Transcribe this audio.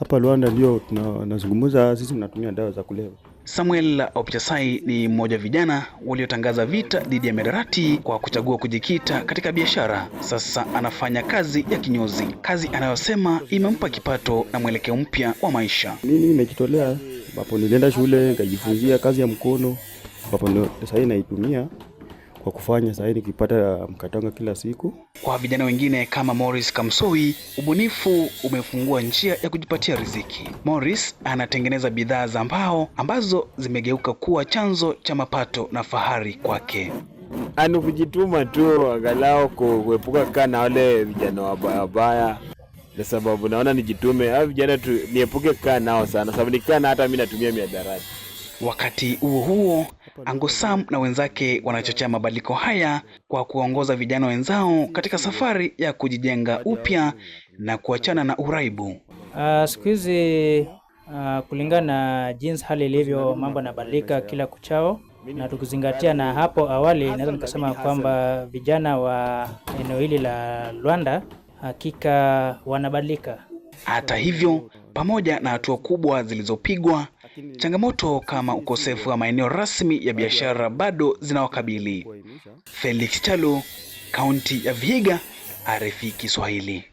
Hapa Rwanda ndio tunazungumza, sisi tunatumia dawa za kulevya. Samuel Opchasai ni mmoja vijana waliotangaza vita dhidi ya mihadarati kwa kuchagua kujikita katika biashara. Sasa anafanya kazi ya kinyozi, kazi anayosema imempa kipato na mwelekeo mpya wa maisha. Mimi nimejitolea, ambapo nilienda shule nikajifunzia kazi ya mkono, ambapo sasa naitumia kwa kufanya sahii nikipata mkatanga kila siku. Kwa vijana wengine kama Morris kamsoi ubunifu umefungua njia ya kujipatia riziki. Morris anatengeneza bidhaa za mbao ambazo zimegeuka kuwa chanzo cha mapato na fahari kwake. Ani kujituma tu angalau kuepuka kaa na wale vijana wabaya wabaya, na sababu naona nijitume, au vijana tu niepuke kaa nao sana, sababu nikikaa na hata mimi natumia miadarati. Wakati huo huo, Angosam na wenzake wanachochea mabadiliko haya kwa kuwaongoza vijana wenzao katika safari ya kujijenga upya na kuachana na uraibu. Uh, siku hizi uh, kulingana na jinsi hali ilivyo, mambo yanabadilika kila kuchao na tukizingatia na hapo awali, naweza nikasema kwamba vijana wa eneo hili la Luanda hakika wanabadilika. Hata hivyo, pamoja na hatua kubwa zilizopigwa Changamoto kama ukosefu wa maeneo rasmi ya biashara bado zinawakabili. Felix Chalo, kaunti ya Vihiga, RFI Kiswahili.